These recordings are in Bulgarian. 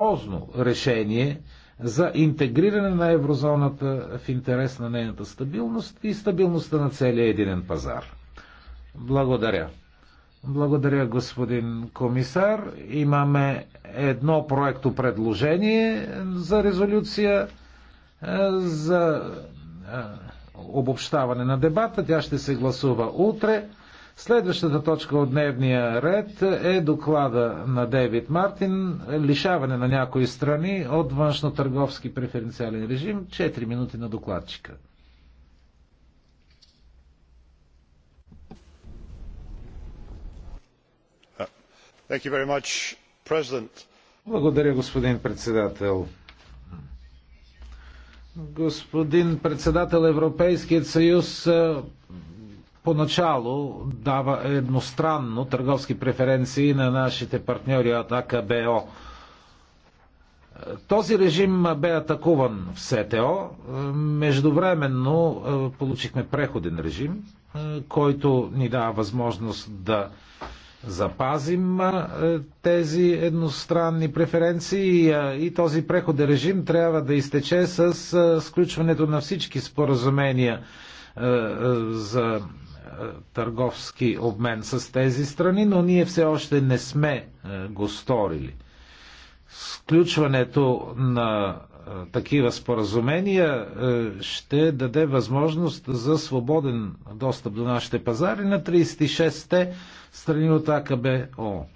сериозно решение за интегриране на еврозоната в интерес на нейната стабилност и стабилността на целия единен пазар. Благодаря. Благодаря, господин комисар. Имаме едно проекто предложение за резолюция е, за е, обобщаване на дебата. Тя ще се гласува утре. Следващата точка от дневния ред е доклада на Дейвид Мартин лишаване на някои страни от външно-търговски преференциален режим. 4 минути на докладчика. Much, Благодаря, господин председател. Господин председател, Европейският съюз поначало дава едностранно търговски преференции на нашите партньори от АКБО. Този режим бе атакуван в СТО. Междувременно е, получихме преходен режим, е, който ни дава възможност да запазим е, тези едностранни преференции и този преходен режим трябва да изтече с сключването на всички споразумения за търговски обмен с тези страни, но ние все още не сме е, го сторили. Сключването на е, такива споразумения е, ще даде възможност за свободен достъп до нашите пазари на 36-те страни от АКБО.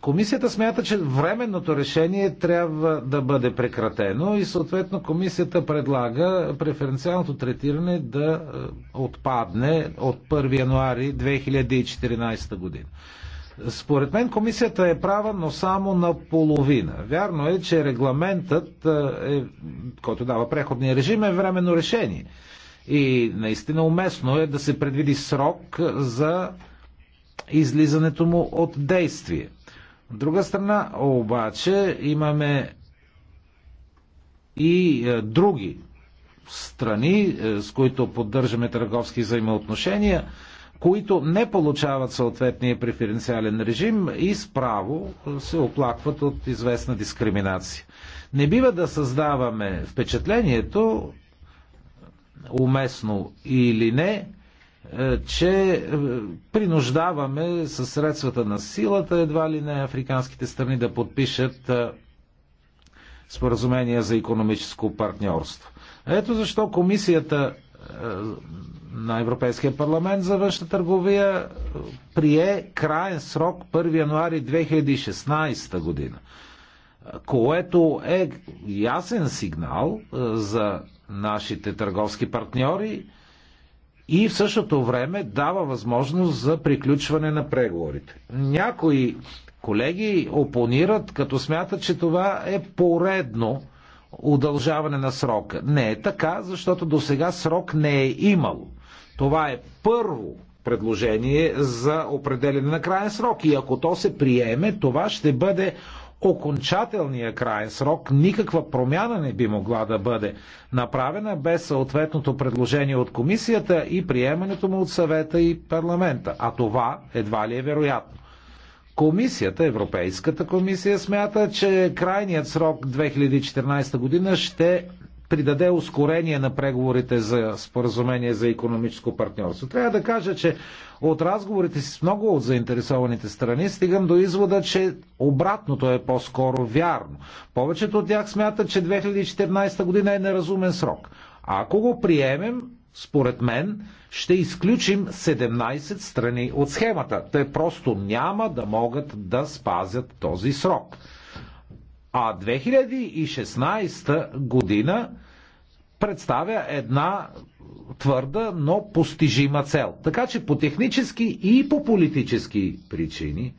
Комисията смята, че временното решение трябва да бъде прекратено и съответно комисията предлага преференциалното третиране да е, отпадне от 1 януари 2014 година. Според мен комисията е права, но само на половина. Вярно е, че регламентът, е, е, който дава преходния режим, е временно решение. И наистина уместно е да се предвиди срок за излизането му от действие. От друга страна, обаче, имаме и е, други страни, е, с които поддържаме търговски взаимоотношения, които не получават съответния преференциален режим и справо е, се оплакват от известна дискриминация. Не бива да създаваме впечатлението, уместно или не, е, че е, принуждаваме със средствата на силата едва ли не африканските страни да подпишат е, споразумения за економическо партньорство. Ето защо комисията на Европейския парламент за външна търговия прие краен срок 1 януари 2016 година, което е ясен сигнал за нашите търговски партньори, и в същото време дава възможност за приключване на преговорите. Някои колеги опонират, като смятат, че това е поредно удължаване на срока. Не е така, защото до сега срок не е имало. Това е първо предложение за определене на крайен срок и ако то се приеме, това ще бъде окончателния крайен срок никаква промяна не би могла да бъде направена без съответното предложение от комисията и приемането му от съвета и парламента. А това едва ли е вероятно. Комисията, Европейската комисия смята, че крайният срок 2014 година ще придаде ускорение на преговорите за споразумение за економическо партньорство. Трябва да кажа, че от разговорите си с много от заинтересованите страни стигам до извода, че обратното е по-скоро вярно. Повечето от тях смятат, че 2014 година е неразумен срок. А ако го приемем, според мен, ще изключим 17 страни от схемата. Те просто няма да могат да спазят този срок. А 2016 година представя една твърда, но постижима цел. Така че по технически и по политически причини,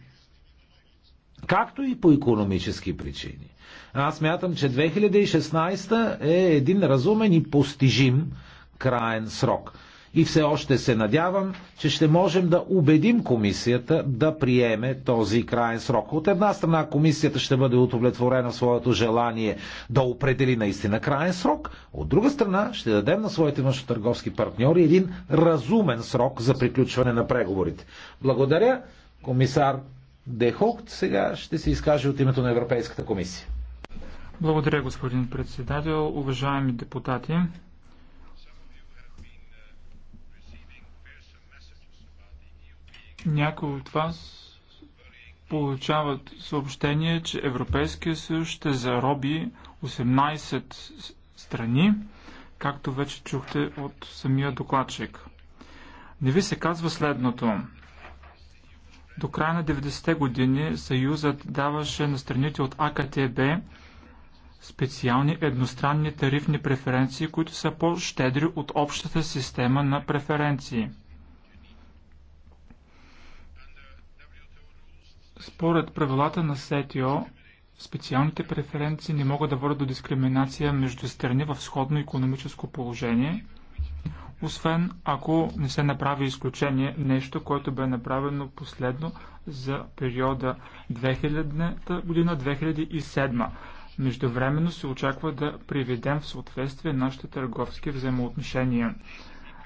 както и по економически причини, аз мятам, че 2016 е един разумен и постижим краен срок. И все още се надявам, че ще можем да убедим комисията да приеме този крайен срок. От една страна комисията ще бъде удовлетворена в своето желание да определи наистина крайен срок, от друга страна ще дадем на своите външно-търговски партньори един разумен срок за приключване на преговорите. Благодаря, комисар Дехокт. Сега ще се изкаже от името на Европейската комисия. Благодаря, господин председател. Уважаеми депутати, Някои от вас получават съобщение, че Европейския съюз ще зароби 18 страни, както вече чухте от самия докладчик. Не ви се казва следното. До края на 90-те години Съюзът даваше на страните от АКТБ специални едностранни тарифни преференции, които са по-щедри от общата система на преференции – Според правилата на СТО, специалните преференции не могат да водят до дискриминация между страни в сходно економическо положение, освен ако не се направи изключение нещо, което бе направено последно за периода 2000 година 2007. Междувременно се очаква да приведем в съответствие нашите търговски взаимоотношения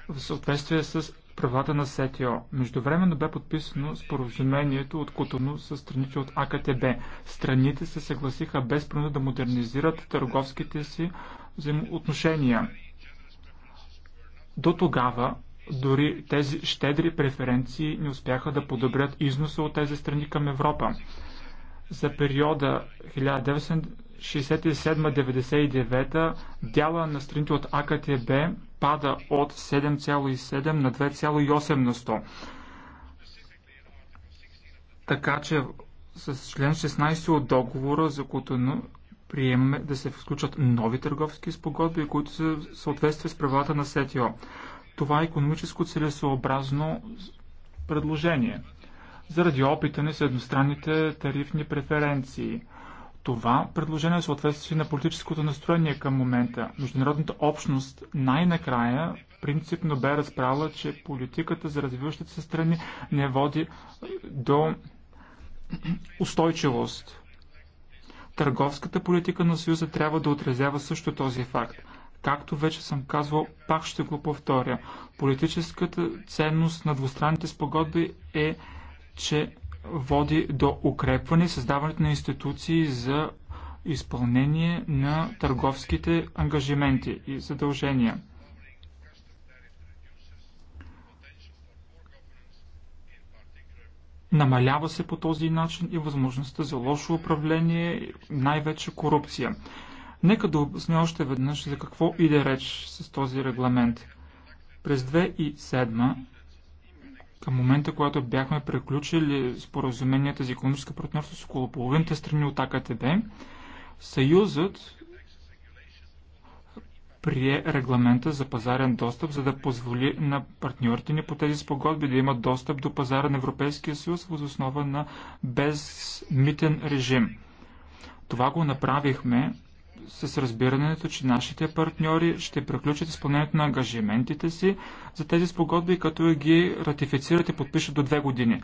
в съответствие с Правата на СТО. Междувременно бе подписано споразумението от Кутоно с страните от АКТБ. Страните се съгласиха без принуда да модернизират търговските си взаимоотношения. До тогава дори тези щедри преференции не успяха да подобрят износа от тези страни към Европа. За периода 1967-1999 дяла на страните от АКТБ пада от 7,7 на 2,8 на 100. Така че с член 16 от договора за който приемаме да се включат нови търговски спогодби, които са съответстват с правилата на СТО. Това е економическо целесообразно предложение. Заради опита ни с едностранните тарифни преференции – това предложение съответствие на политическото настроение към момента. Международната общност най-накрая принципно бе разправила, че политиката за развиващите се страни не води до устойчивост. Търговската политика на Съюза трябва да отразява също този факт. Както вече съм казвал, пак ще го повторя. Политическата ценност на двустранните спогодби е, че води до укрепване и създаването на институции за изпълнение на търговските ангажименти и задължения. Намалява се по този начин и възможността за лошо управление, най-вече корупция. Нека да обясня още веднъж за какво иде реч с този регламент. През 2007 към момента, когато бяхме приключили споразуменията за економическа партньорство с около половината страни от АКТБ, Съюзът прие регламента за пазарен достъп, за да позволи на партньорите ни по тези спогодби да имат достъп до пазара на Европейския съюз въз основа на безмитен режим. Това го направихме с разбирането, че нашите партньори ще приключат изпълнението на ангажиментите си за тези спогодби, като ги ратифицират и подпишат до две години.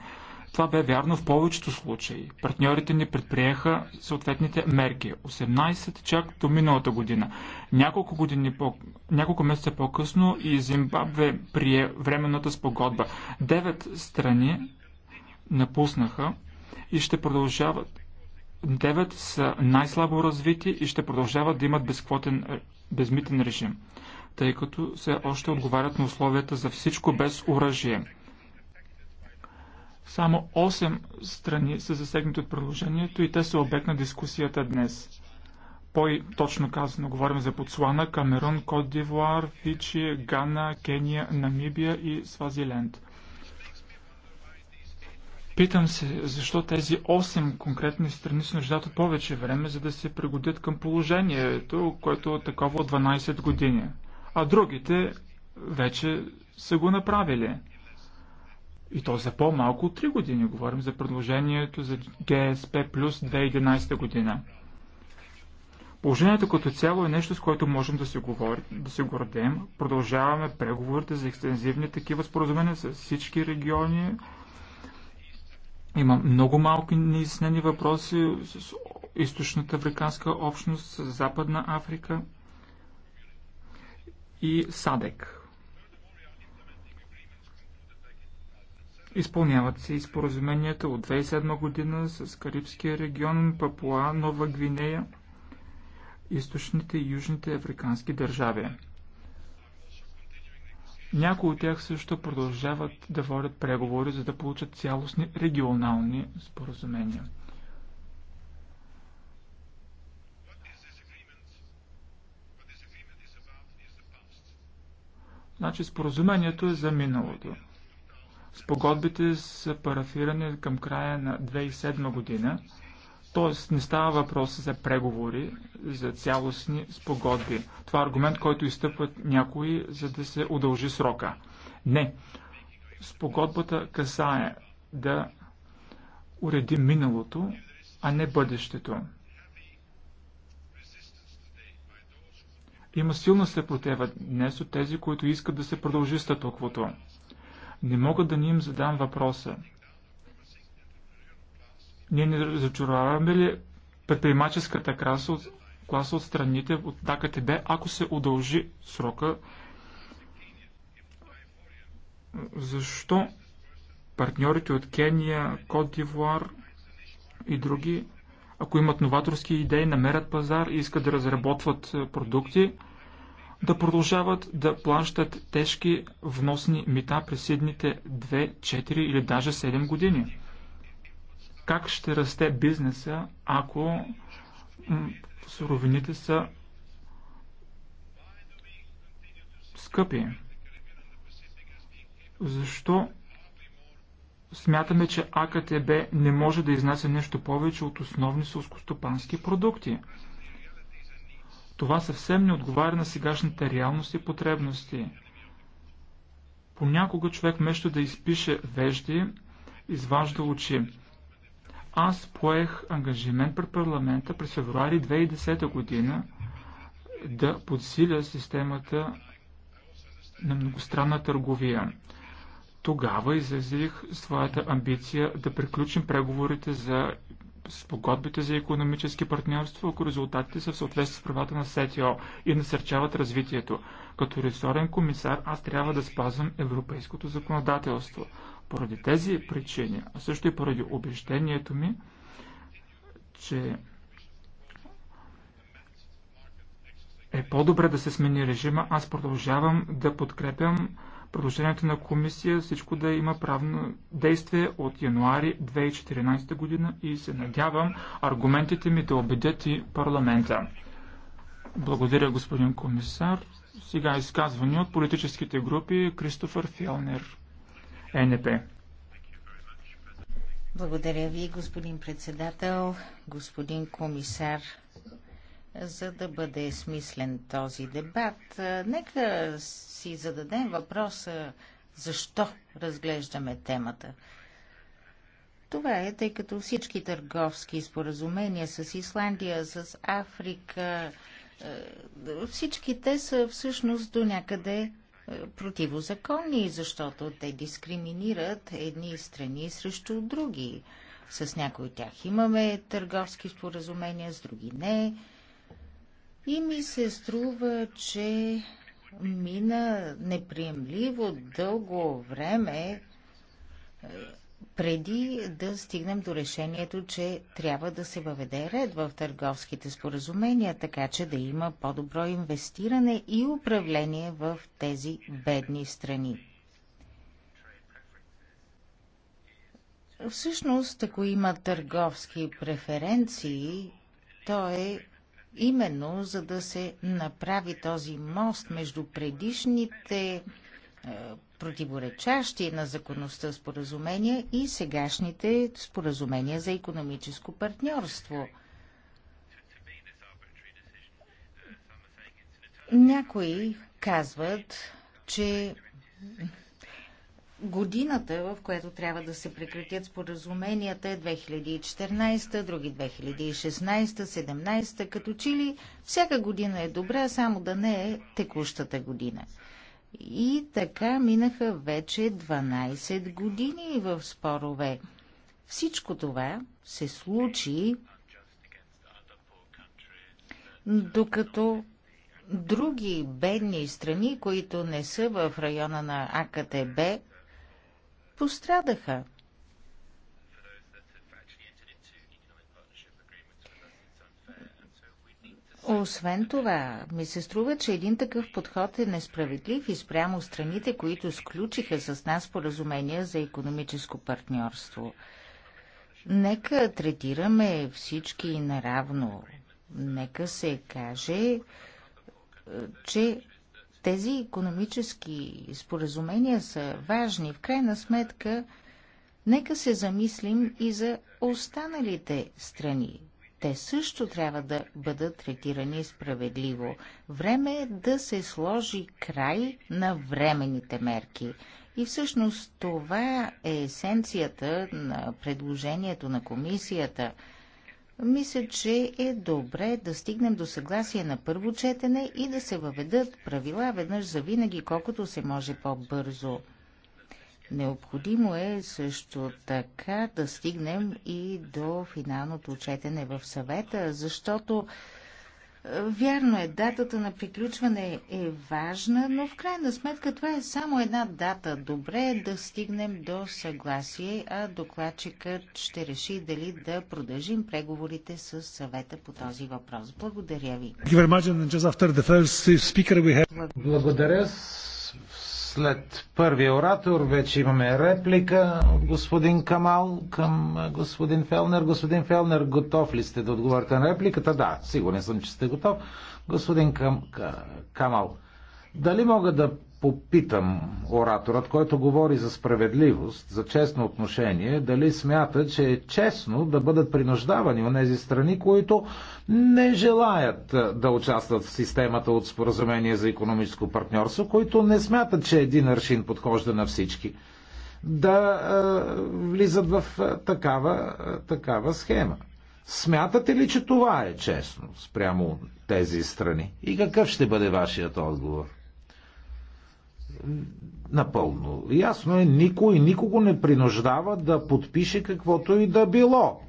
Това бе вярно в повечето случаи. Партньорите ни предприеха съответните мерки. 18 чак до миналата година. Няколко, години по... Няколко месеца по-късно и Зимбабве прие временната спогодба. Девет страни напуснаха и ще продължават 9 са най-слабо развити и ще продължават да имат безквотен, е, безмитен режим, тъй като се още отговарят на условията за всичко без оръжие. Само 8 страни са засегнати от предложението и те са обект на дискусията днес. По-точно казано, говорим за Ботсуана, Камерун, Кот Дивуар, Фичи, Гана, Кения, Намибия и Свазиленд. Питам се, защо тези 8 конкретни страни се нуждат от повече време, за да се пригодят към положението, което е такова от 12 години. А другите вече са го направили. И то за по-малко от 3 години. Говорим за предложението за ГСП плюс 2011 година. Положението като цяло е нещо, с което можем да се, говори, да се гордем. Продължаваме преговорите за екстензивни такива споразумения с всички региони, има много малки неизяснени въпроси с източната африканска общност, с Западна Африка и САДЕК. Изпълняват се и споразуменията от 2007 година с Карибския регион, Папуа, Нова Гвинея, източните и южните африкански държави. Някои от тях също продължават да водят преговори, за да получат цялостни регионални споразумения. Значи споразумението е за миналото. Спогодбите са парафирани към края на 2007 година. Тоест не става въпрос за преговори, за цялостни спогодби. Това е аргумент, който изтъпват някои, за да се удължи срока. Не. Спогодбата касае да уреди миналото, а не бъдещето. Има силна съпротива днес от тези, които искат да се продължи статуквото. Не мога да ни им задам въпроса. Ние не разочароваме ли предприемаческата класа от, класа от страните от ДКТБ, ако се удължи срока? Защо партньорите от Кения, Кот Дивуар и други, ако имат новаторски идеи, намерят пазар и искат да разработват е, продукти, да продължават да плащат тежки вносни мита през следните 2, 4 или даже 7 години. Как ще расте бизнеса, ако суровините са скъпи? Защо смятаме, че АКТБ не може да изнася нещо повече от основни сълскостопански продукти? Това съвсем не отговаря на сегашните реалност и потребности. Понякога човек вместо да изпише вежди, изважда очи. Аз поех ангажимент пред парламента през февруари 2010 година да подсиля системата на многостранна търговия. Тогава изразих своята амбиция да приключим преговорите за спогодбите за економически партньорство, ако резултатите са в съответствие с правата на СТО и насърчават развитието. Като ресорен комисар аз трябва да спазвам европейското законодателство. Поради тези причини, а също и поради убеждението ми, че е по-добре да се смени режима, аз продължавам да подкрепям предложението на комисия всичко да има правно действие от януари 2014 година и се надявам аргументите ми да убедят и парламента. Благодаря, господин комисар. Сега изказване от политическите групи Кристофър Фелнер. ЕНП. Благодаря ви, господин председател, господин комисар, за да бъде смислен този дебат. Нека си зададем въпроса защо разглеждаме темата. Това е, тъй като всички търговски споразумения с Исландия, с Африка, всички те са всъщност до някъде противозаконни, защото те дискриминират едни страни срещу други. С някои от тях имаме търговски споразумения, с други не. И ми се струва, че мина неприемливо дълго време преди да стигнем до решението, че трябва да се въведе ред в търговските споразумения, така че да има по-добро инвестиране и управление в тези бедни страни. Всъщност, ако има търговски преференции, то е именно за да се направи този мост между предишните е, противоречащи на законността споразумения и сегашните споразумения за економическо партньорство. Някои казват, че годината, в която трябва да се прекратят споразуменията е 2014, други 2016, 17, като че ли всяка година е добра, само да не е текущата година. И така минаха вече 12 години в спорове. Всичко това се случи докато други бедни страни, които не са в района на АКТБ, пострадаха. Освен това, ми се струва, че един такъв подход е несправедлив и спрямо страните, които сключиха с нас поразумения за економическо партньорство. Нека третираме всички наравно. Нека се каже, че тези економически споразумения са важни. В крайна сметка, нека се замислим и за останалите страни те също трябва да бъдат третирани справедливо. Време е да се сложи край на времените мерки. И всъщност това е есенцията на предложението на комисията. Мисля, че е добре да стигнем до съгласие на първо четене и да се въведат правила веднъж за винаги, колкото се може по-бързо. Необходимо е също така да стигнем и до финалното четене в съвета, защото е, Вярно е, датата на приключване е важна, но в крайна сметка това е само една дата. Добре е да стигнем до съгласие, а докладчикът ще реши дали да продължим преговорите с съвета по този въпрос. Благодаря ви. Благодаря. След първия оратор вече имаме реплика от господин Камал към господин Фелнер. Господин Фелнер, готов ли сте да отговорите на репликата? Да, сигурен съм, че сте готов. Господин Кам... Камал, дали мога да попитам ораторът, който говори за справедливост, за честно отношение, дали смята, че е честно да бъдат принуждавани от тези страни, които не желаят да участват в системата от споразумение за економическо партньорство, които не смятат, че е един аршин подхожда на всички, да е, влизат в такава, такава схема. Смятате ли, че това е честно спрямо тези страни? И какъв ще бъде вашият отговор? напълно ясно е, никой никого не принуждава да подпише каквото и да било.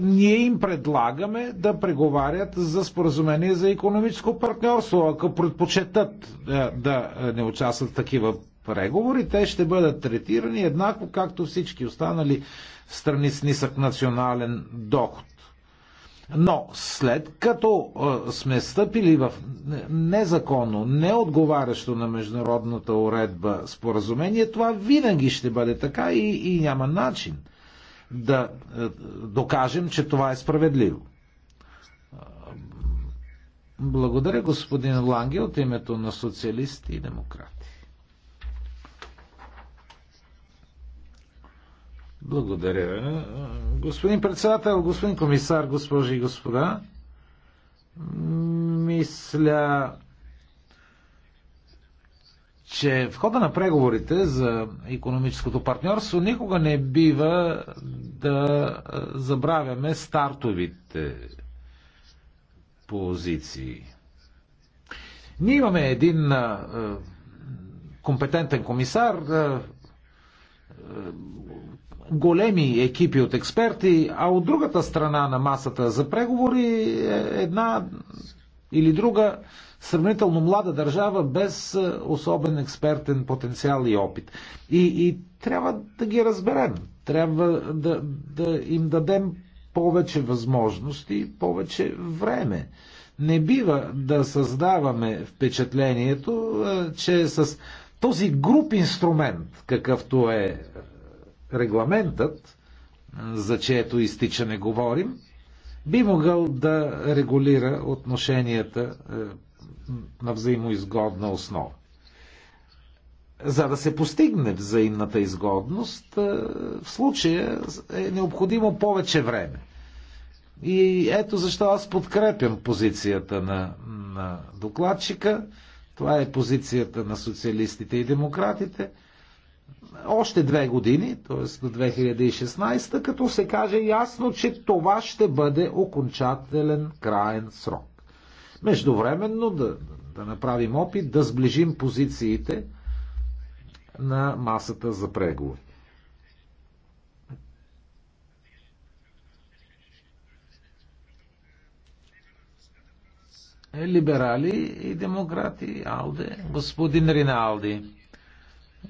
Ние им предлагаме да преговарят за споразумение за економическо партньорство. Ако предпочитат е, да, да е, не участват в такива преговори, те ще бъдат третирани еднакво, както всички останали страни с нисък национален доход. Но след като е, сме стъпили в незаконно, неотговарящо на международната уредба споразумение, това винаги ще бъде така и, и няма начин да е, докажем, че това е справедливо. Благодаря господин Ланге от името на социалисти и демократи. Благодаря. Господин председател, господин комисар, госпожи и господа, мисля, че в хода на преговорите за економическото партньорство никога не бива да забравяме стартовите позиции. Ние имаме един компетентен комисар, големи екипи от експерти, а от другата страна на масата за преговори е една или друга сравнително млада държава без е, особен експертен потенциал и опит. И, и трябва да ги разберем. Трябва да, да им дадем повече възможности, повече време. Не бива да създаваме впечатлението, е, че с този груп инструмент, какъвто е регламентът, за чието изтичане говорим, би могъл да регулира отношенията на взаимоизгодна основа. За да се постигне взаимната изгодност, в случая е необходимо повече време. И ето защо аз подкрепям позицията на, на докладчика. Това е позицията на социалистите и демократите още две години, т.е. до 2016, като се каже ясно, че това ще бъде окончателен краен срок. Междувременно да, да направим опит да сближим позициите на масата за преговори. Либерали и демократи, Алде, господин Риналди.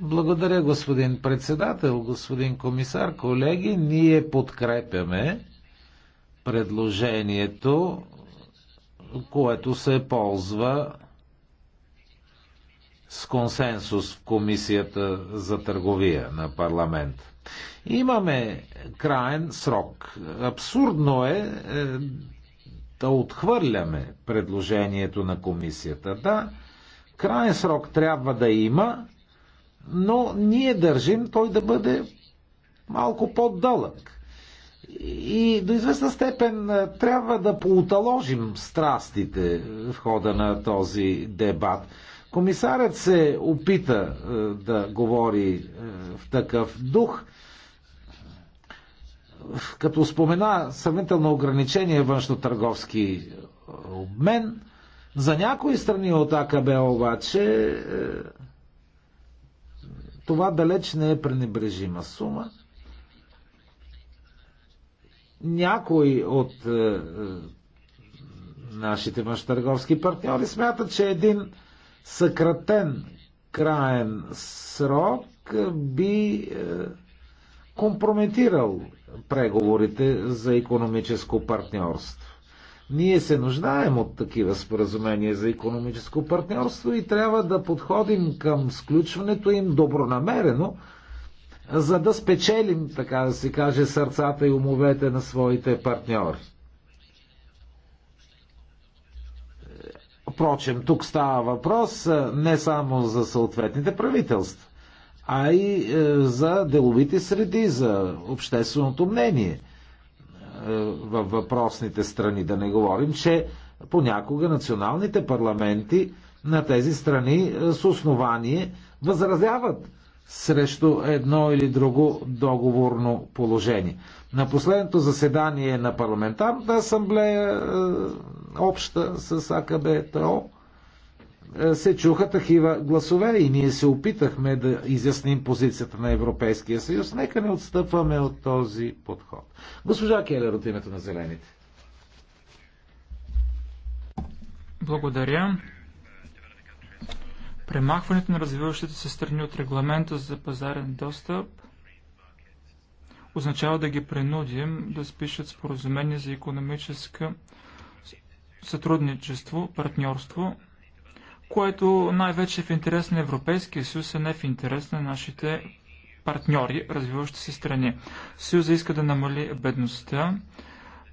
Благодаря, господин председател, господин комисар, колеги. Ние подкрепяме предложението, което се ползва с консенсус в Комисията за търговия на парламент. Имаме краен срок. Абсурдно е, е да отхвърляме предложението на комисията. Да, краен срок трябва да има, но ние държим той да бъде малко по-дълъг. И до известна степен трябва да поуталожим страстите в хода на този дебат. Комисарят се опита да говори в такъв дух, като спомена съвнително ограничение външно-търговски обмен. За някои страни от АКБ обаче това далеч не е пренебрежима сума. Някои от е, е, нашите мъжтърговски партньори смятат, че един съкратен краен срок би е, компрометирал преговорите за економическо партньорство. Ние се нуждаем от такива споразумения за економическо партньорство и трябва да подходим към сключването им добронамерено, за да спечелим, така да се каже, сърцата и умовете на своите партньори. Впрочем, тук става въпрос не само за съответните правителства, а и е, за деловите среди, за общественото мнение – е, във въпросните страни. Да не говорим, че понякога националните парламенти на тези страни е, с основание възразяват срещу едно или друго договорно положение. На последното заседание на парламентарната асамблея, е, обща с АКБТО, е, се чуха такива гласове и ние се опитахме да изясним позицията на Европейския съюз. Нека не отстъпваме от този подход. Госпожа Келер от името на Зелените. Благодаря. Премахването на развиващите се страни от регламента за пазарен достъп означава да ги принудим да спишат споразумение за економическо сътрудничество, партньорство което най-вече е в интерес на Европейския съюз, а не в интерес на нашите партньори, развиващи се страни. Съюза иска да намали бедността,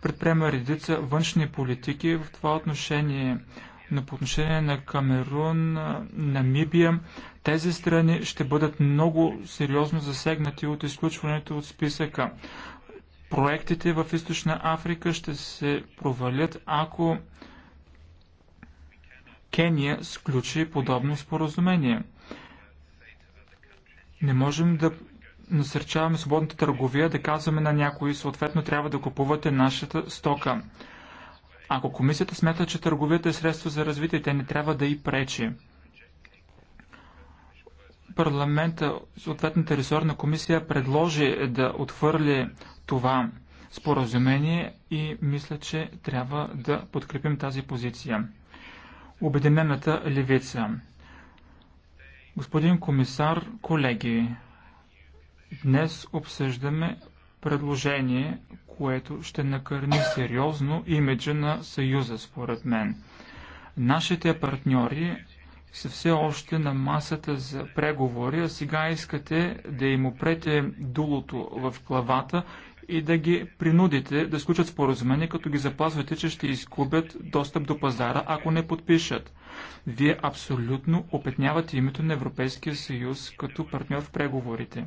предприема редица външни политики в това отношение. Но по отношение на Камерун, Намибия, тези страни ще бъдат много сериозно засегнати от изключването от списъка. Проектите в Източна Африка ще се провалят, ако Кения сключи подобно споразумение. Не можем да насърчаваме свободната търговия, да казваме на някои, съответно трябва да купувате нашата стока. Ако комисията смята, че търговията е средство за развитие, те не трябва да и пречи. Парламента, съответната ресорна комисия предложи да отхвърли това споразумение и мисля, че трябва да подкрепим тази позиция. Обединената левица. Господин комисар, колеги, днес обсъждаме предложение, което ще накърни сериозно имиджа на Съюза, според мен. Нашите партньори са все още на масата за преговори, а сега искате да им опрете дулото в главата и да ги принудите да сключат споразумение, като ги запазвате, че ще изгубят достъп до пазара, ако не подпишат. Вие абсолютно опетнявате името на Европейския съюз като партньор в преговорите.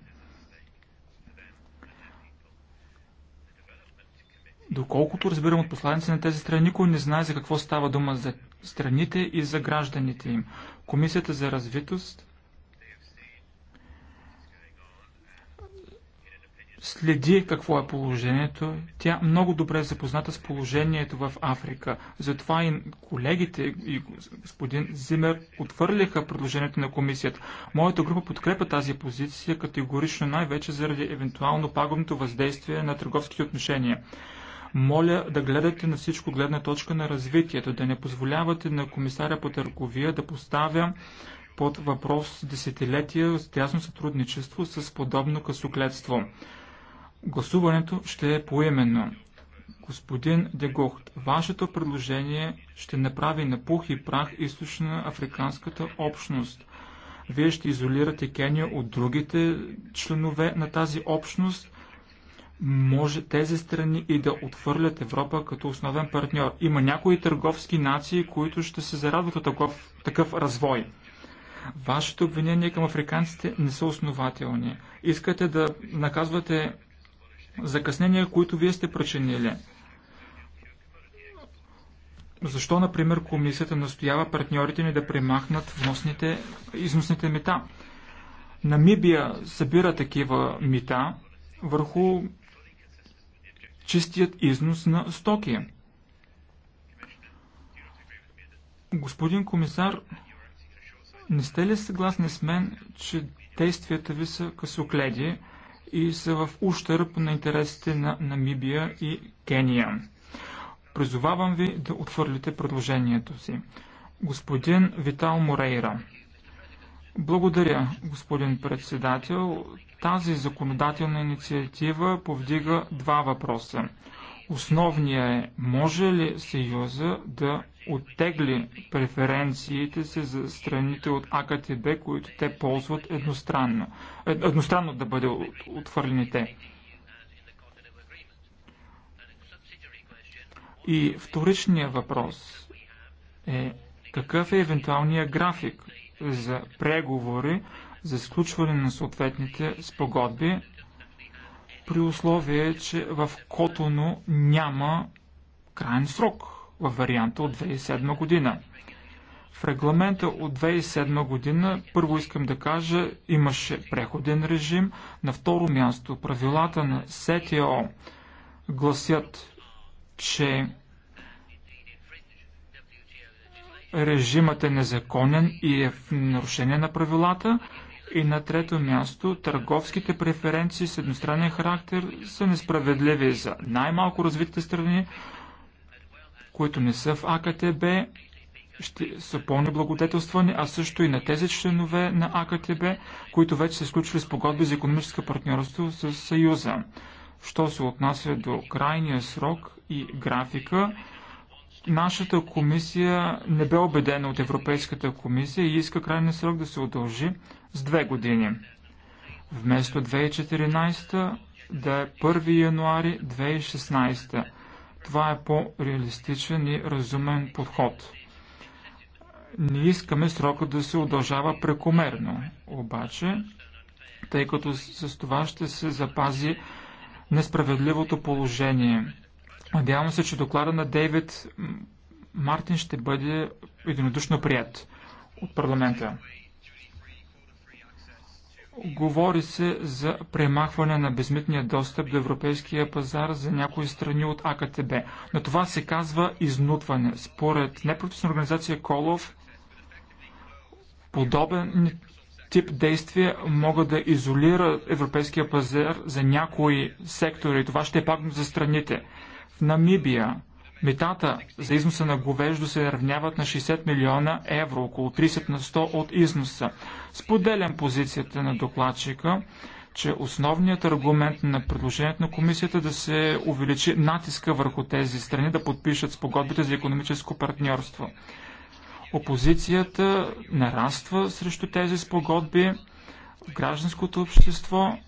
Доколкото разбирам от посланици на тези страни, никой не знае за какво става дума за страните и за гражданите им. Комисията за развитост следи какво е положението. Тя много добре е запозната с положението в Африка. Затова и колегите и господин Зимер отвърлиха предложението на комисията. Моята група подкрепа тази позиция категорично най-вече заради евентуално пагубното въздействие на търговските отношения. Моля да гледате на всичко гледна точка на развитието, да не позволявате на комисаря по търговия да поставя под въпрос десетилетия с тясно сътрудничество с подобно късогледство. Гласуването ще е поименно. Господин Дегохт, вашето предложение ще направи на пух и прах източна африканската общност. Вие ще изолирате Кения от другите членове на тази общност. Може тези страни и да отвърлят Европа като основен партньор. Има някои търговски нации, които ще се зарадват от такъв, такъв развой. Вашите обвинения към африканците не са основателни. Искате да наказвате закъснения, които вие сте причинили. Защо, например, комисията настоява партньорите ни да премахнат вносните, износните мита? Намибия събира такива мита върху чистият износ на стоки. Господин комисар, не сте ли съгласни с мен, че действията ви са късокледи и са в ущърп на интересите на Намибия и Кения. Призовавам ви да отвърлите предложението си. Господин Витал Морейра. Благодаря, господин председател. Тази законодателна инициатива повдига два въпроса. Основният е, може ли Съюза да оттегли преференциите си за страните от АКТБ, които те ползват едностранно. Е, едностранно да бъде отхвърлените. И вторичният въпрос е какъв е евентуалният график за преговори за сключване на съответните спогодби при условие, че в Котоно няма крайен срок във варианта от 2007 година. В регламента от 2007 година, първо искам да кажа, имаше преходен режим. На второ място, правилата на СТО гласят, че режимът е незаконен и е в нарушение на правилата. И на трето място, търговските преференции с едностранен характер са несправедливи за най-малко развитите страни, които не са в АКТБ ще са по-неблагодетелствани, а също и на тези членове на АКТБ, които вече са изключили спогодби за економическо партньорство с Съюза. Що се отнася до крайния срок и графика, нашата комисия не бе убедена от Европейската комисия и иска крайния срок да се удължи с две години. Вместо 2014 да е 1 януари 2016. Това е по-реалистичен и разумен подход. Не искаме срока да се удължава прекомерно, обаче, тъй като с това ще се запази несправедливото положение. Надявам се, че доклада на Дейвид Мартин ще бъде единодушно прият от парламента. Говори се за премахване на безмитния достъп до европейския пазар за някои страни от АКТБ. На това се казва изнутване. Според непрофесионална организация Колов, Подобен тип действия могат да изолират европейския пазар за някои сектори. Това ще е пагно за страните. В Намибия метата за износа на говеждо се равняват на 60 милиона евро, около 30 на 100 от износа. Споделям позицията на докладчика, че основният аргумент на предложението на комисията е да се увеличи натиска върху тези страни да подпишат спогодбите за економическо партньорство. Опозицията нараства срещу тези спогодби в гражданското общество,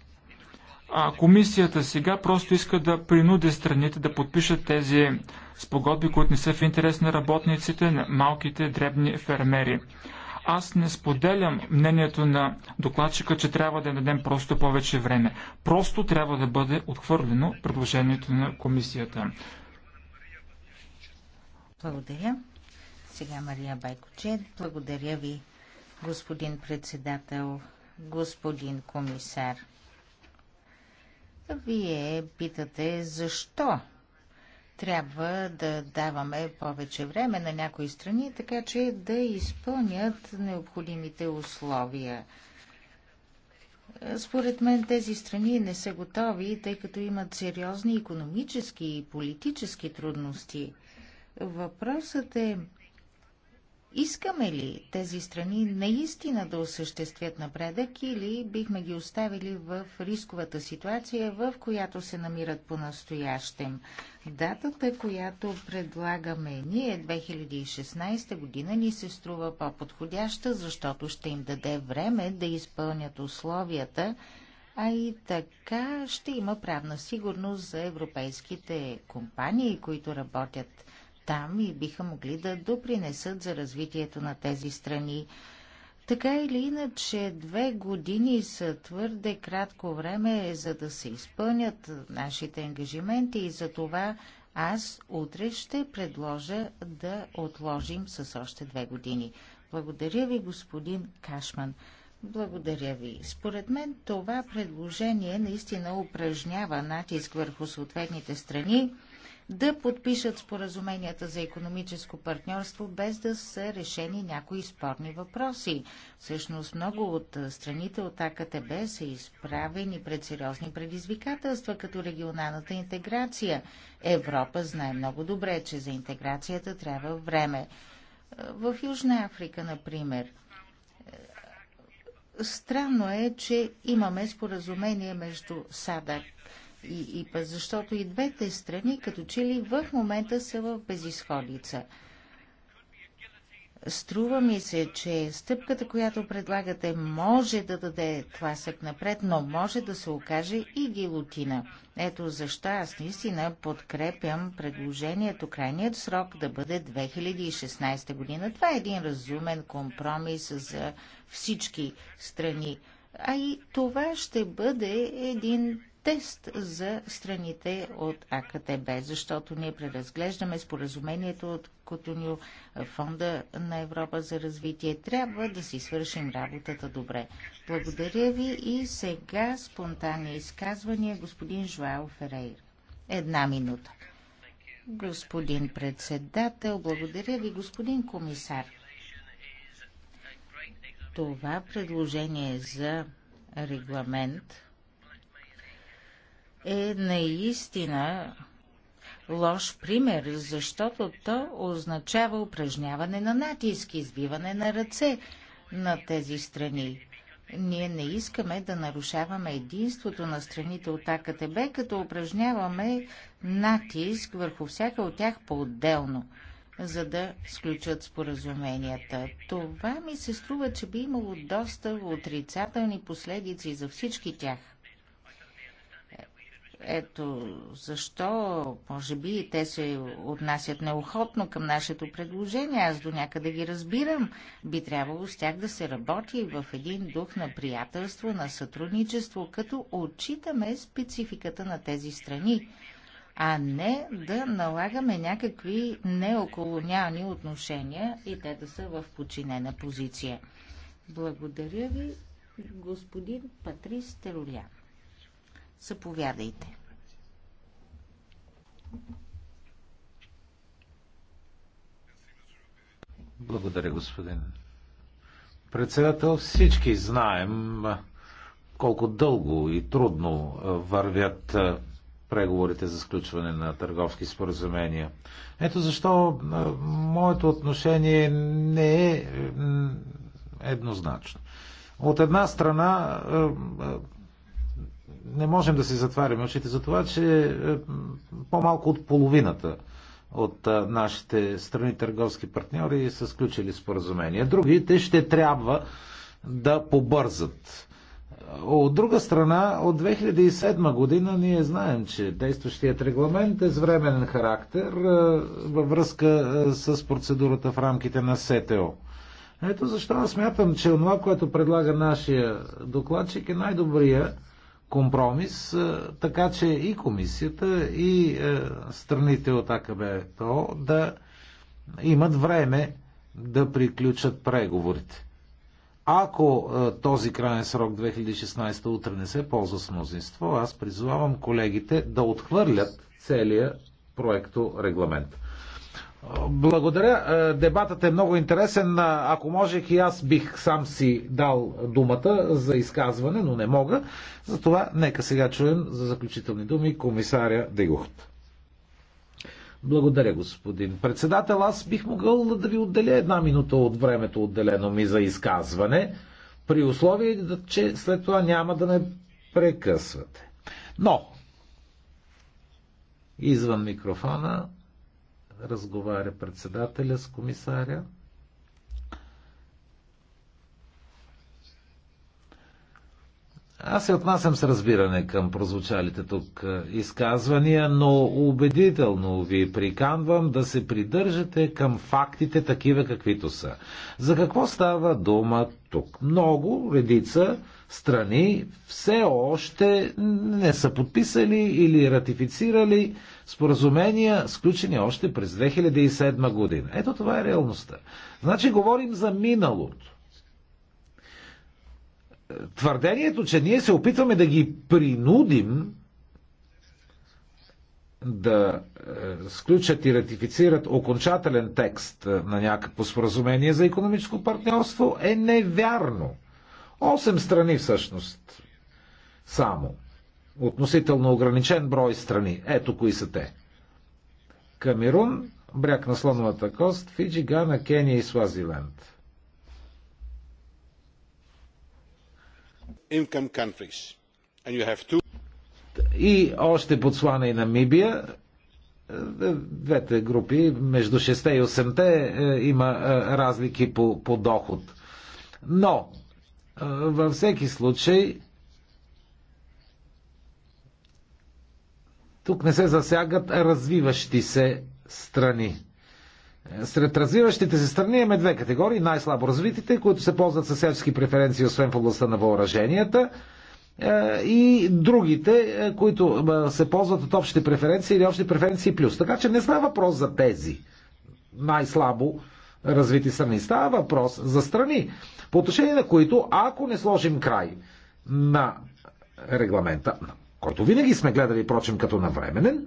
а комисията сега просто иска да принуди страните да подпишат тези спогодби, които не са в интерес на работниците, на малките дребни фермери. Аз не споделям мнението на докладчика, че трябва да дадем просто повече време. Просто трябва да бъде отхвърлено предложението на комисията. Благодаря. Сега Мария Байкочет. Благодаря ви, господин председател, господин комисар. Вие питате защо трябва да даваме повече време на някои страни, така че да изпълнят необходимите условия. Според мен тези страни не са готови, тъй като имат сериозни економически и политически трудности. Въпросът е Искаме ли тези страни наистина да осъществят напредък или бихме ги оставили в рисковата ситуация, в която се намират по-настоящем? Датата, която предлагаме ние, 2016 година, ни се струва по-подходяща, защото ще им даде време да изпълнят условията, а и така ще има правна сигурност за европейските компании, които работят там и биха могли да допринесат за развитието на тези страни. Така или иначе, две години са твърде кратко време, е, за да се изпълнят нашите ангажименти и за това аз утре ще предложа да отложим с още две години. Благодаря ви, господин Кашман. Благодаря ви. Според мен това предложение наистина упражнява натиск върху съответните страни да подпишат споразуменията за економическо партньорство, без да са решени някои спорни въпроси. Всъщност много от страните от АКТБ са изправени пред сериозни предизвикателства, като регионалната интеграция. Европа знае много добре, че за интеграцията трябва време. В Южна Африка, например, Странно е, че имаме споразумение между САДАК и ИПА, защото и двете страни като че ли в момента са в безисходица. Струва ми се, че стъпката, която предлагате, може да даде тласък напред, но може да се окаже и гилотина. Ето защо аз наистина подкрепям предложението крайният срок да бъде 2016 година. Това е един разумен компромис за всички страни. А и това ще бъде един тест за страните от АКТБ, защото ние преразглеждаме споразумението от Котоню Фонда на Европа за развитие. Трябва да си свършим работата добре. Благодаря ви и сега спонтанни изказвания господин Жуал Ферейр. Една минута. Господин председател, благодаря ви, господин комисар. Това предложение за регламент е наистина лош пример, защото то означава упражняване на натиск, избиване на ръце на тези страни. Ние не искаме да нарушаваме единството на страните от АКТБ, като упражняваме натиск върху всяка от тях по-отделно, за да сключат споразуменията. Това ми се струва, че би имало доста отрицателни последици за всички тях. Ето защо, може би, те се отнасят неохотно към нашето предложение. Аз до някъде ги разбирам. Би трябвало с тях да се работи в един дух на приятелство, на сътрудничество, като отчитаме спецификата на тези страни, а не да налагаме някакви неоколониални отношения и те да са в подчинена позиция. Благодаря ви, господин Патрис Терулян. Заповядайте. Благодаря, господин председател. Всички знаем колко дълго и трудно вървят преговорите за сключване на търговски споразумения. Ето защо моето отношение не е еднозначно. От една страна не можем да си затваряме очите за това, че е, по-малко от половината от е, нашите страни търговски партньори са сключили споразумения. Другите ще трябва да побързат. От друга страна, от 2007 година ние знаем, че действащият регламент е с временен характер е, във връзка с процедурата в рамките на СТО. Ето защо аз смятам, че това, което предлага нашия докладчик е най-добрия компромис, така че и комисията, и страните от АКБТО да имат време да приключат преговорите. Ако този крайен срок 2016 утре не се ползва с мнозинство, аз призовавам колегите да отхвърлят целия проекто регламент. Благодаря. Е, дебатът е много интересен. Е, ако можех и аз бих сам си дал думата за изказване, но не мога. Затова нека сега чуем за заключителни думи комисаря Дегухт. Благодаря, господин председател. Аз бих могъл да ви отделя една минута от времето, отделено ми за изказване, при условие, че след това няма да ме прекъсвате. Но, извън микрофона, разговаря председателя с комисаря. Аз се отнасям с разбиране към прозвучалите тук е, изказвания, но убедително ви приканвам да се придържате към фактите такива каквито са. За какво става дума тук? Много, редица страни все още не са подписали или ратифицирали споразумения, сключени още през 2007 година. Ето това е реалността. Значи говорим за миналото. Твърдението, че ние се опитваме да ги принудим да е, сключат и ратифицират окончателен текст е, на някакво споразумение за економическо партньорство е невярно. Осем страни всъщност. Само. Относително ограничен брой страни. Ето кои са те. Камерун, бряг на слоновата кост, Фиджи, Гана, Кения и Свазиленд. Income countries. And you have two... И още Ботсуана и Намибия. Е, двете групи, между 6 и 8 е, има е, разлики по, по доход. Но във всеки случай, тук не се засягат развиващи се страни. Сред развиващите се страни имаме две категории. Най-слабо развитите, които се ползват със селски преференции, освен в областта на въоръженията, е, и другите, е, които е, се ползват от общите преференции или общи преференции плюс. Така че не става въпрос за тези най-слабо развити страни. Става въпрос за страни, по отношение на които, ако не сложим край на регламента, който винаги сме гледали, прочим, като навременен,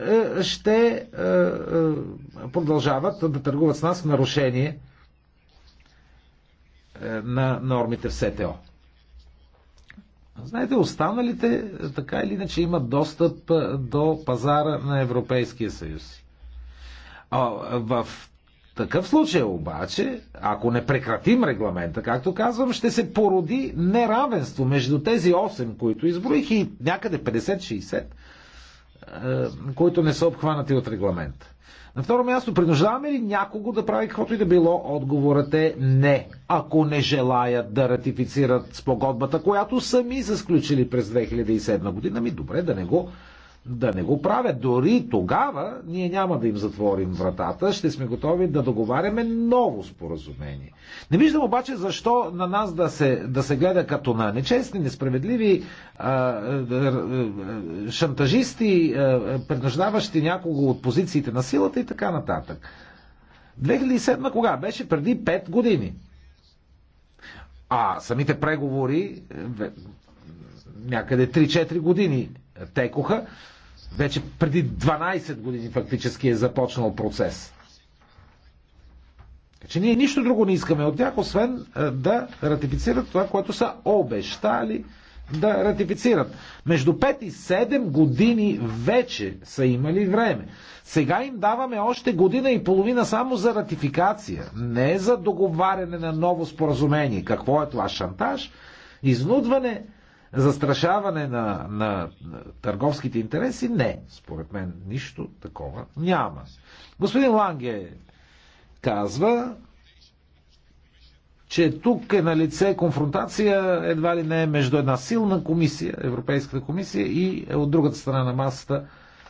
е, ще е, е, продължават да търгуват с нас в нарушение на нормите в СТО. Знаете, останалите така или иначе имат достъп до пазара на Европейския съюз в такъв случай обаче, ако не прекратим регламента, както казвам, ще се породи неравенство между тези 8, които изброих и някъде 50-60, е, които не са обхванати от регламента. На второ място, принуждаваме ли някого да прави каквото и да било? Отговорът е не, ако не желаят да ратифицират спогодбата, която сами са сключили през 2007 година. Ми добре, да не го да не го правят. Дори тогава ние няма да им затворим вратата, ще сме готови да договаряме ново споразумение. Не виждам обаче защо на нас да се, да се гледа като на нечестни, несправедливи а, шантажисти, а, принуждаващи някого от позициите на силата и така нататък. 2007 кога? Беше преди 5 години. А самите преговори е, някъде 3-4 години е, текоха. Вече преди 12 години фактически е започнал процес. Че ние нищо друго не искаме от тях, освен е, да ратифицират това, което са обещали да ратифицират. Между 5 и 7 години вече са имали време. Сега им даваме още година и половина само за ратификация, не за договаряне на ново споразумение. Какво е това? Шантаж? Изнудване? Застрашаване на, на, на търговските интереси? Не. Според мен нищо такова няма. Господин Ланге казва, че тук е на лице конфронтация едва ли не между една силна комисия, Европейската комисия и е, от другата страна на масата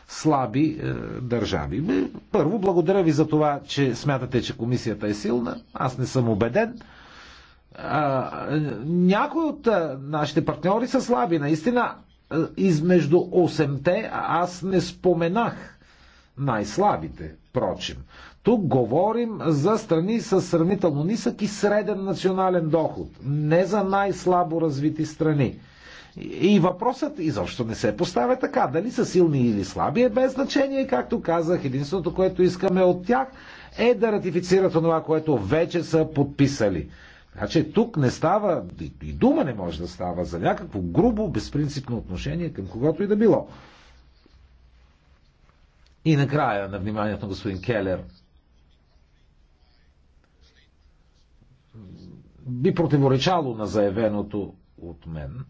слаби е, държави. Първо, благодаря ви за това, че смятате, че комисията е силна. Аз не съм убеден някои от нашите партньори са слаби. Наистина, измежду 8-те аз не споменах най-слабите, прочим. Тук говорим за страни с сравнително нисък и среден национален доход, не за най-слабо развити страни. И въпросът изобщо не се поставя така. Дали са силни или слаби е без значение. Както казах, единственото, което искаме от тях е да ратифицират това, което вече са подписали. Значи тук не става, и дума не може да става за някакво грубо, безпринципно отношение към когото и да било. И накрая на вниманието на господин Келер. Би противоречало на заявеното от мен,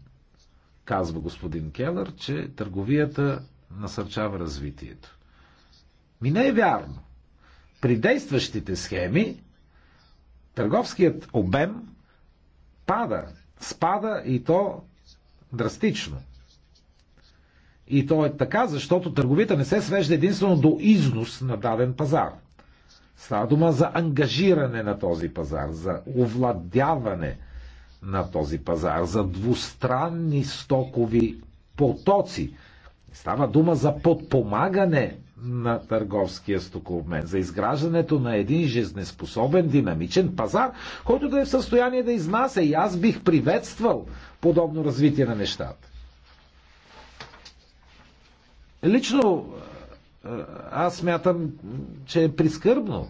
казва господин Келер, че търговията насърчава развитието. Ми не е вярно. При действащите схеми Търговският обем пада, спада и то драстично. И то е така, защото търговията не се свежда единствено до износ на даден пазар. Става дума за ангажиране на този пазар, за овладяване на този пазар, за двустранни стокови потоци. Става дума за подпомагане на търговския стокообмен, за изграждането на един жизнеспособен, динамичен пазар, който да е в състояние да изнася. И аз бих приветствал подобно развитие на нещата. Лично е, аз смятам, че е прискърбно,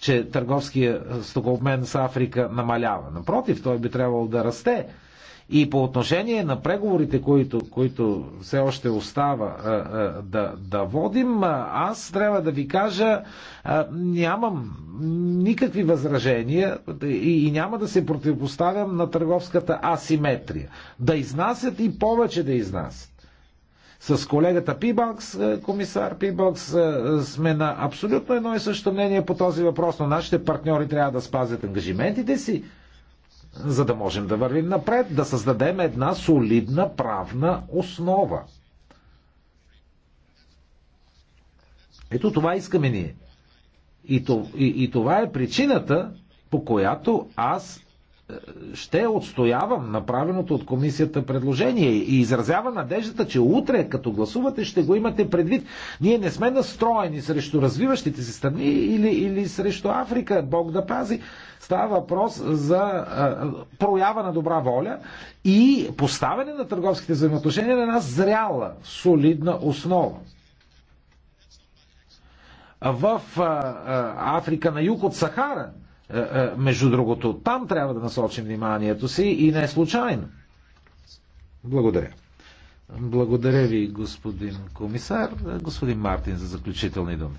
че търговския стокообмен с Африка намалява. Напротив, той би трябвало да расте. И по отношение на преговорите, които, които все още остава а, а, да, да водим, аз трябва да ви кажа, а, нямам никакви възражения и, и няма да се противопоставям на търговската асиметрия. Да изнасят и повече да изнасят с колегата Пибалкс, комисар Пибалкс, сме на абсолютно едно и също мнение по този въпрос, но нашите партньори трябва да спазят ангажиментите си за да можем да вървим напред, да създадем една солидна правна основа. Ето това искаме ние. И, и това е причината, по която аз ще отстоявам направеното от комисията предложение и изразява надеждата, че утре, като гласувате, ще го имате предвид. Ние не сме настроени срещу развиващите се страни или, или срещу Африка, Бог да пази. Става въпрос за а, проява на добра воля и поставяне на търговските взаимоотношения на една зряла, солидна основа в а, а, Африка на юг от Сахара е, е, между другото, там трябва да насочим вниманието си и не е случайно. Благодаря. Благодаря ви, господин комисар. Господин Мартин, за заключителни думи.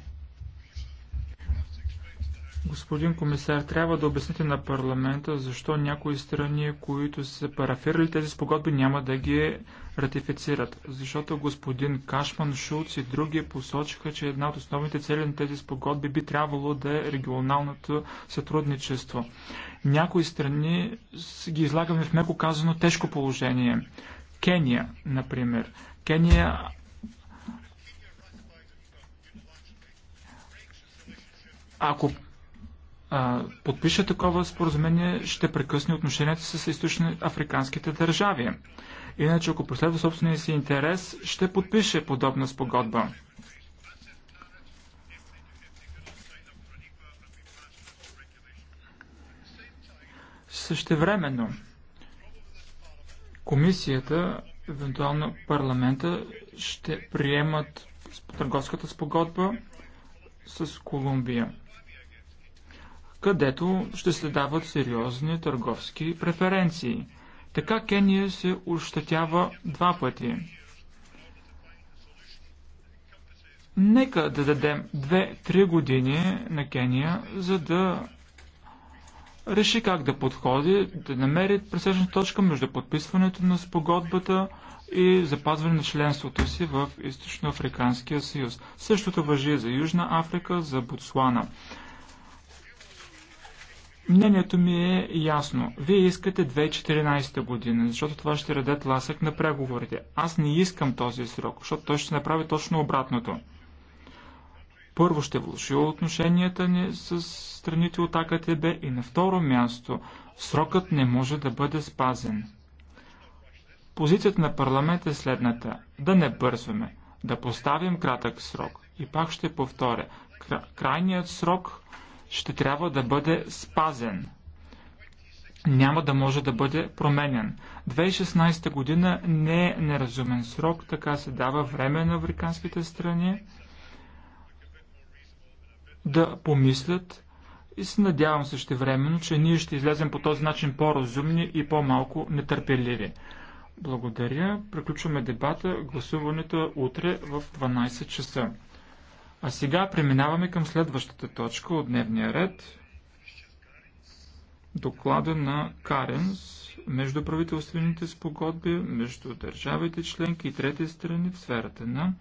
Господин комисар, трябва да обясните на парламента защо някои страни, които са парафирали тези спогодби, няма да ги ратифицират, защото господин Кашман, Шулц и други посочиха, че една от основните цели на тези спогодби би трябвало да е регионалното сътрудничество. Някои страни ги излагаме в меко казано тежко положение. Кения, например. Кения ако а, подпише такова споразумение, ще прекъсне отношенията с източно африканските държави. Иначе, ако последва собствения си интерес, ще подпише подобна спогодба. Същевременно, комисията, евентуално парламента, ще приемат търговската спогодба с Колумбия, където ще се дават сериозни търговски преференции – така Кения се ощетява два пъти. Нека да дадем 2-3 години на Кения, за да реши как да подходи, да намери пресечна точка между подписването на спогодбата и запазване на членството си в Източноафриканския съюз. Същото въжи за Южна Африка, за Ботсуана. Мнението ми е ясно. Вие искате 2014 година, защото това ще раде ласък на преговорите. Аз не искам този срок, защото той ще направи точно обратното. Първо ще влуши отношенията ни с страните от АКТБ и на второ място срокът не може да бъде спазен. Позицията на парламент е следната. Да не бързваме, да поставим кратък срок. И пак ще повторя. Крайният срок ще трябва да бъде спазен. Няма да може да бъде променен. 2016 година не е неразумен срок, така се дава време на африканските страни да помислят и се надявам също времено, че ние ще излезем по този начин по-разумни и по-малко нетърпеливи. Благодаря. Приключваме дебата. Гласуването е утре в 12 часа. А сега преминаваме към следващата точка от дневния ред. Доклада на Каренс между правителствените спогодби, между държавите членки и трети страни в сферата на